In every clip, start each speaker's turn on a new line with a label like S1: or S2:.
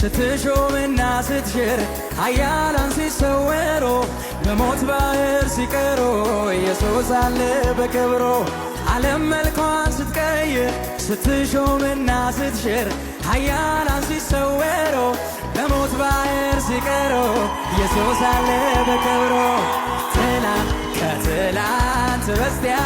S1: ስትሾምና ስትሽር ኃያላን ሲሰወሮ በሞት ባህር ሲቀሮ ኢየሱስ አለ በክብሮ ዓለም መልኳን ስትቀይር ስትሾምና ስትሽር ኃያላን ሲሰወሮ በሞት ባህር ሲቀሮ ኢየሱስ አለ በክብሮ ትላንት ከትላንት በስቲያ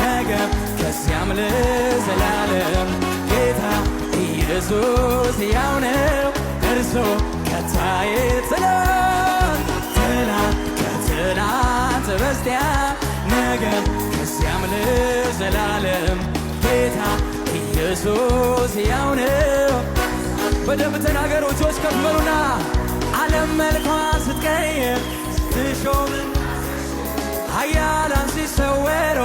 S1: ነገም ከዚያም ለዘላለም ጌታ ኢየሱስ ያው ነው። ደርሶ ከታይ ትላንት ትላንት ከትናንት በስቲያ ነገ ከዚያም ለዘላለም ጌታ ኢየሱስ ሕያው ነው። በደንብ ተናገሩ። እጆች ከፍ ዓለም መልኳን ስትቀይር ስትሾም ኃያላን ሲሰወሩ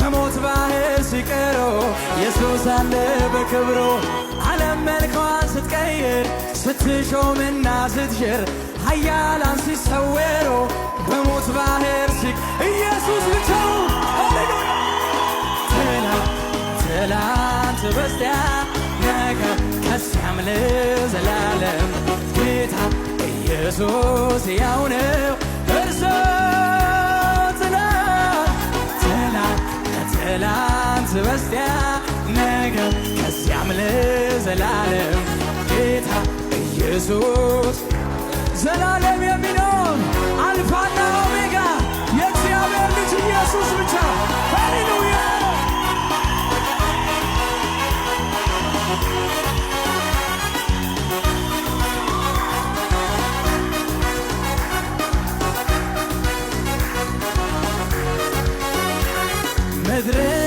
S1: በሞት ባህር ሲቀሩ ኢየሱስ አለ በክብሩ ዓለም መልኳን ስትቀይር ስትሾምና ስትሽር ኃያላን ሲሰወሩ በሞት ባህር ሲ ኢየሱስ ብቻው ትላንት በስቲያ ነገ ከዚያም ለዘላለም ጌታ ኢየሱስ ነው በስቲያ ሰላም ለዘላለም ጌታ ኢየሱስ ዘላለም የሚኖር አልፋና ኦሜጋ የእግዚአብሔር ልጅ ኢየሱስ ብቻ። ሃሌሉያ ምድር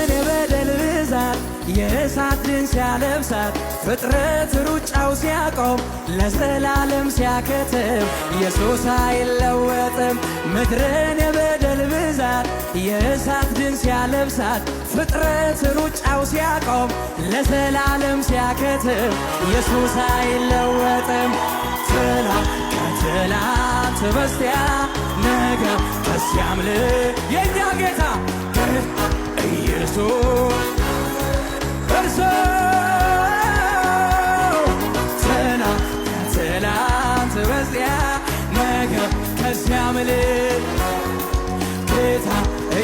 S1: የእሳትን ሲያለብሳት ፍጥረት ሩጫው ሲያቆም ለዘላለም ሲያከትም ኢየሱስ አይለወጥም። ምድርን የበደል ብዛት የእሳት ድን ሲያለብሳት ፍጥረት ሩጫው ሲያቆም ለዘላለም ሲያከትም ኢየሱስ አይለወጥም። ትላ ከትናንት በስቲያ ነገ ከዚያም የእኛ ጌታ ኢየሱስ ሰው ትናንት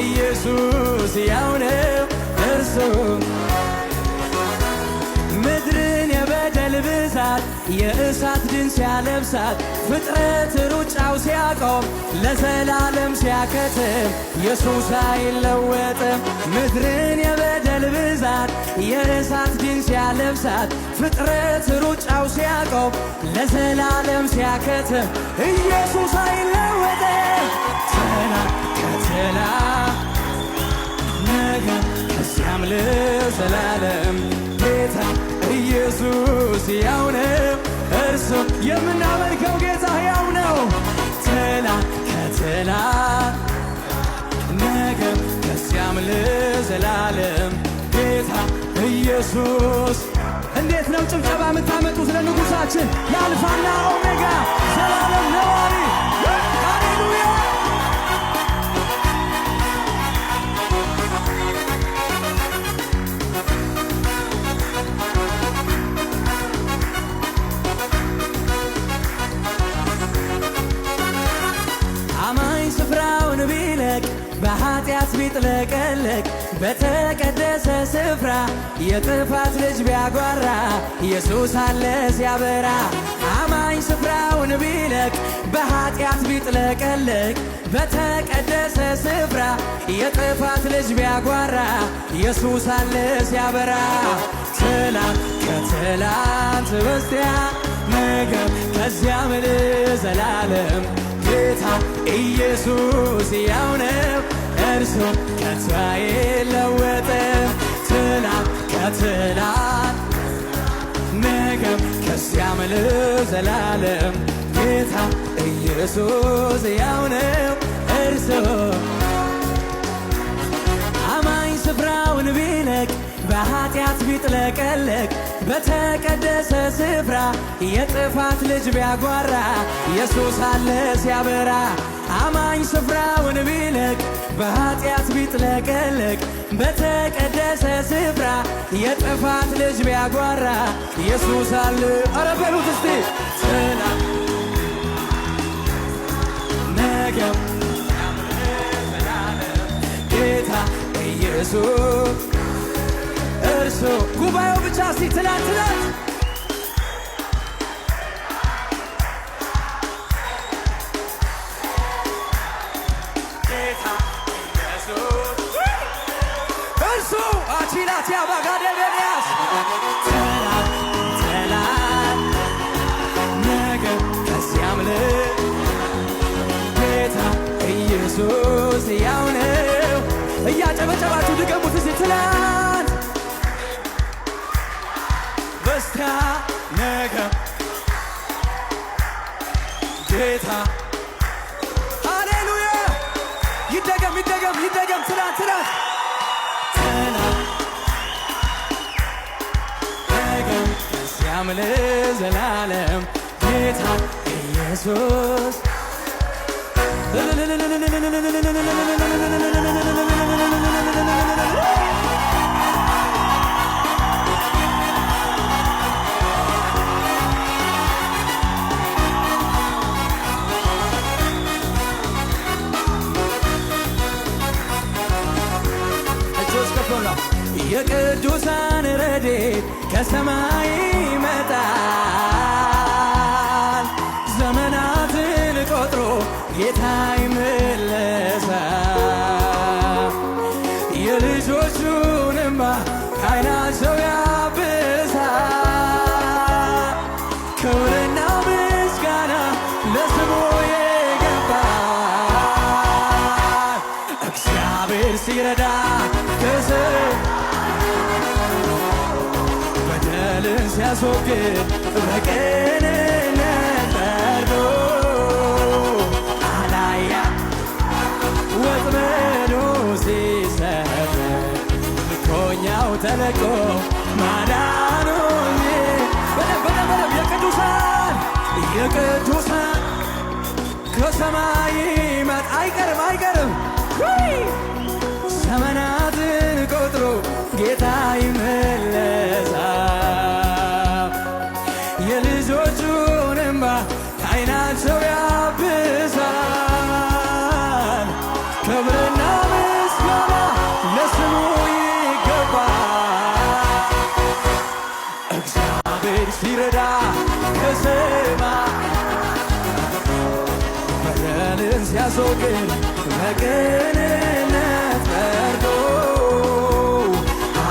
S1: ኢየሱስ ያው ነው እርሱም የእሳት ድን ሲያለብሳት ፍጥረት ሩጫው ሲያቆም ለዘላለም ሲያከትም ኢየሱስ አይለወጥም። ምድርን የበደል ብዛት የእሳት ድን ሲያለብሳት ፍጥረት ሩጫው ሲያቆም ለዘላለም ሲያከትም ኢየሱስ አይለወጥም። ተላ ከትላ ነገ ከዚያም ለዘላለም ጌታ ኢየሱስ ያው ነው፣ እርሱ የምናመልከው ጌታ ያው ነው። ትላ ከትላ ነገ ከዚያም ለዘላለም ጌታ ኢየሱስ። እንዴት ነው ጭብጨባ የምታመጡት? ለንጉሳችን ለአልፋና ኦሜጋ ዘላለም ነዋሪ ጠላት ቢጥለቀለቅ በተቀደሰ ስፍራ የጥፋት ልጅ ቢያጓራ ኢየሱስ አለ ሲያበራ አማኝ ስፍራውን ቢለቅ በኃጢአት ቢጥለቀለቅ በተቀደሰ ስፍራ የጥፋት ልጅ ቢያጓራ ኢየሱስ አለ ሲያበራ ትላንት ከትላንት በስቲያ ነገ ከዚያ ምድር ጌታ ኢየሱስ ያው ነው። እርሱ ከቶ አይለወጥም። ትናንት ከትናንት ነገም ከዚያም ለዘላለም ጌታ ኢየሱስ ሕያው ነው። እርሱ አማኝ ስፍራውን ቢለቅ በኃጢአት ቢጥለቀለቅ በተቀደሰ ስፍራ የጥፋት ልጅ ቢያጓራ ኢየሱስ አለ ሲያበራ አማኝ ስፍራውን ቢለቅ በኃጢአት ቢጥለቀለቅ በተቀደሰ ስፍራ የጥፋት ልጅ ቢያጓራ ኢየሱስ አለ። ኧረ በሉት እስቲ ሰላም ጌታ ኢየሱስ እርሱ ጉባኤው ብቻ እስቲ ትናንት ችላት ያባጋደ ቤንያስ ጠላት እያጨበጨባችሁ ድገሙት እዚህ ትላንት በስቲያ ነገ ጌታ ሃሌሉያ ይደገም ይደገም ይደገም ትላንት ትላንት ሰላም ለዘላለም ጌታ ኢየሱስ ከሰማይ ይመጣል። ዘመናትን ቆጥሮ ጌታ ይመለሳል። የልጆቹን እንባ ያብሳል። ክብርና ምስጋና ለስሙ ይገባል። እግዚአብሔር ሲረዳ ሲያስወግድ በቅንነት ፈርዶ አላያ ወጥመዱ ሲሰበር ምርኮኛው ተለቆ ማዳኑ በደንብ የቅዱሳን የቅዱሳን ከሰማይ ይመጣ አይቀርም አይቀርም ዘመናትን ቆጥሮ ጌታ ይመል ክብርና ምስጋና ለስሙ ይገባል። እግዚአብሔር ሲረዳ ከሰማይ በደልን ሲያስወግድ በቅንነት መርዶ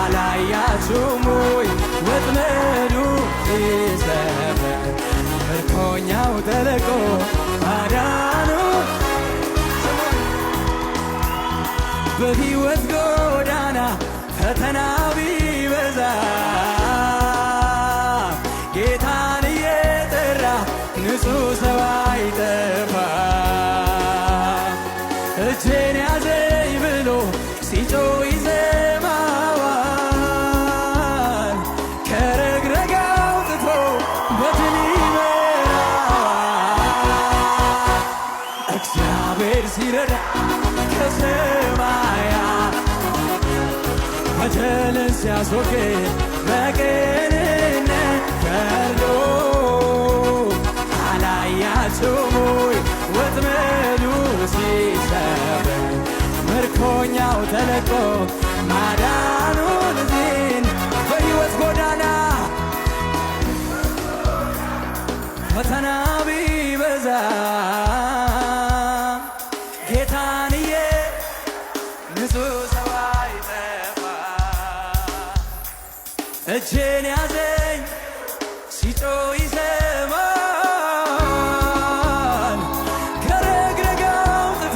S1: አላያችሁም በሕይወት ጎዳና ፈተና አስወግ በቅንነት ፈርዶ አላያችሁም ወይ ወጥመዱ ሲሰበር ምርኮኛው ተለቆ ማዳኑን ጎዳና ፈተና ቢበዛ ጌታንዬ ንጹሕ ሰው አይጠ እጄን ያዘኝ ሲጮ ይሰማል ከረግረግ አውጥቶ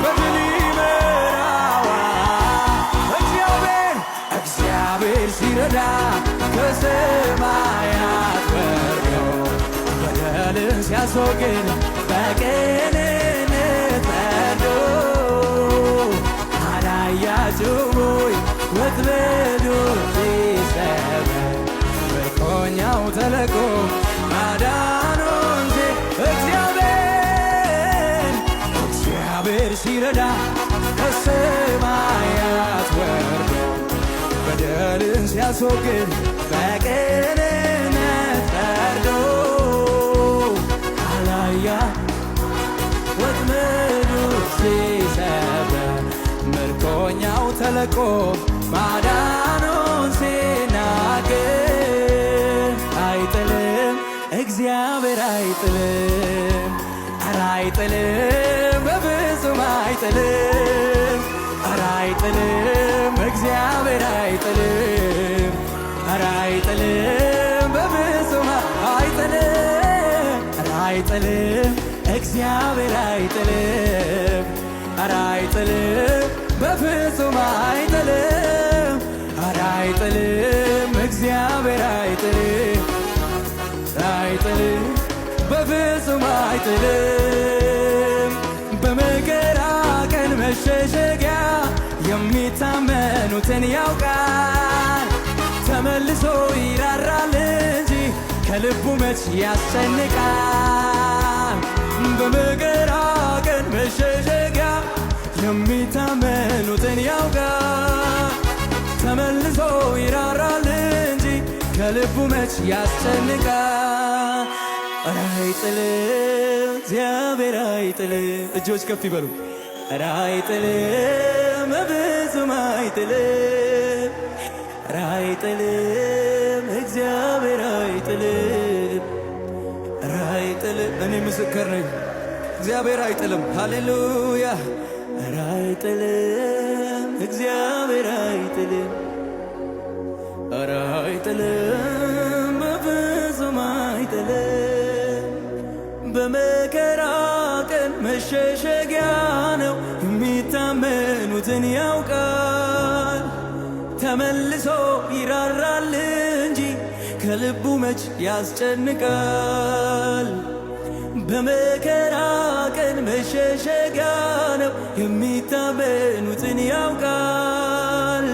S1: በድል ይመራዋል። እግዚአብሔር እግዚአብሔር ሲረዳ ከሰማያት ወርዶ በደልን ሲያስወግድ በቅንነት ፈርዶ አላያችሁም ወይ ወጥመዱን ዋነኛው ተለቆ ማዳኑ እንጂ እግዚአብሔር እግዚአብሔር ሲረዳ ከሰማያት ወርዶ በደልን ሲያስወግድ በቅንነት ፈርዶ አላያ ወጥመዱ ሲሰበር ምርኮኛው ተለቆ ማዳ እግዚአብሔር አይጥልም፣ ኧረ አይጥልም፣ በፍጹም አይጥልም፣ ኧረ አይጥልም፣ እግዚአብሔር አይጥልም፣ ኧረ አይጥልም፣ በፍጹም አይጥልም፣ ኧረ አይጥልም፣ እግዚአብሔር አይጥልም፣ ኧረ አይጥልም፣ በፍጹም አይጥልም አይጥልም። በመከራ ቀን መሸሸጊያ የሚታመኑትን ያውቃል። ተመልሶ ይራራል እንጂ ከልቡ መች ያስጨንቃል። በመከራ ቀን መሸሸጊያ የሚታመኑትን ያውቃል። ተመልሶ ይራራል እንጂ ከልቡ መች ያስጨንቃል። ኧረ እግዚአብሔር እጆች ከፍ ይበሉ። ኧረ አይጥልም በፍጹም አይጥልም። እግዚአብሔር እኔ ምስክር ነኝ። እግዚአብሔር አይጥልም። ሃሌሉያ። ኧረ እግዚአብሔር አይጥልም። ራቀን መሸሸጊያ ነው። የሚታመኑትን ያውቃል ተመልሶ ይራራል እንጂ ከልቡ መች ያስጨንቃል። በመከራ ቀን መሸሸጊያ ነው። የሚታመኑትን ያውቃል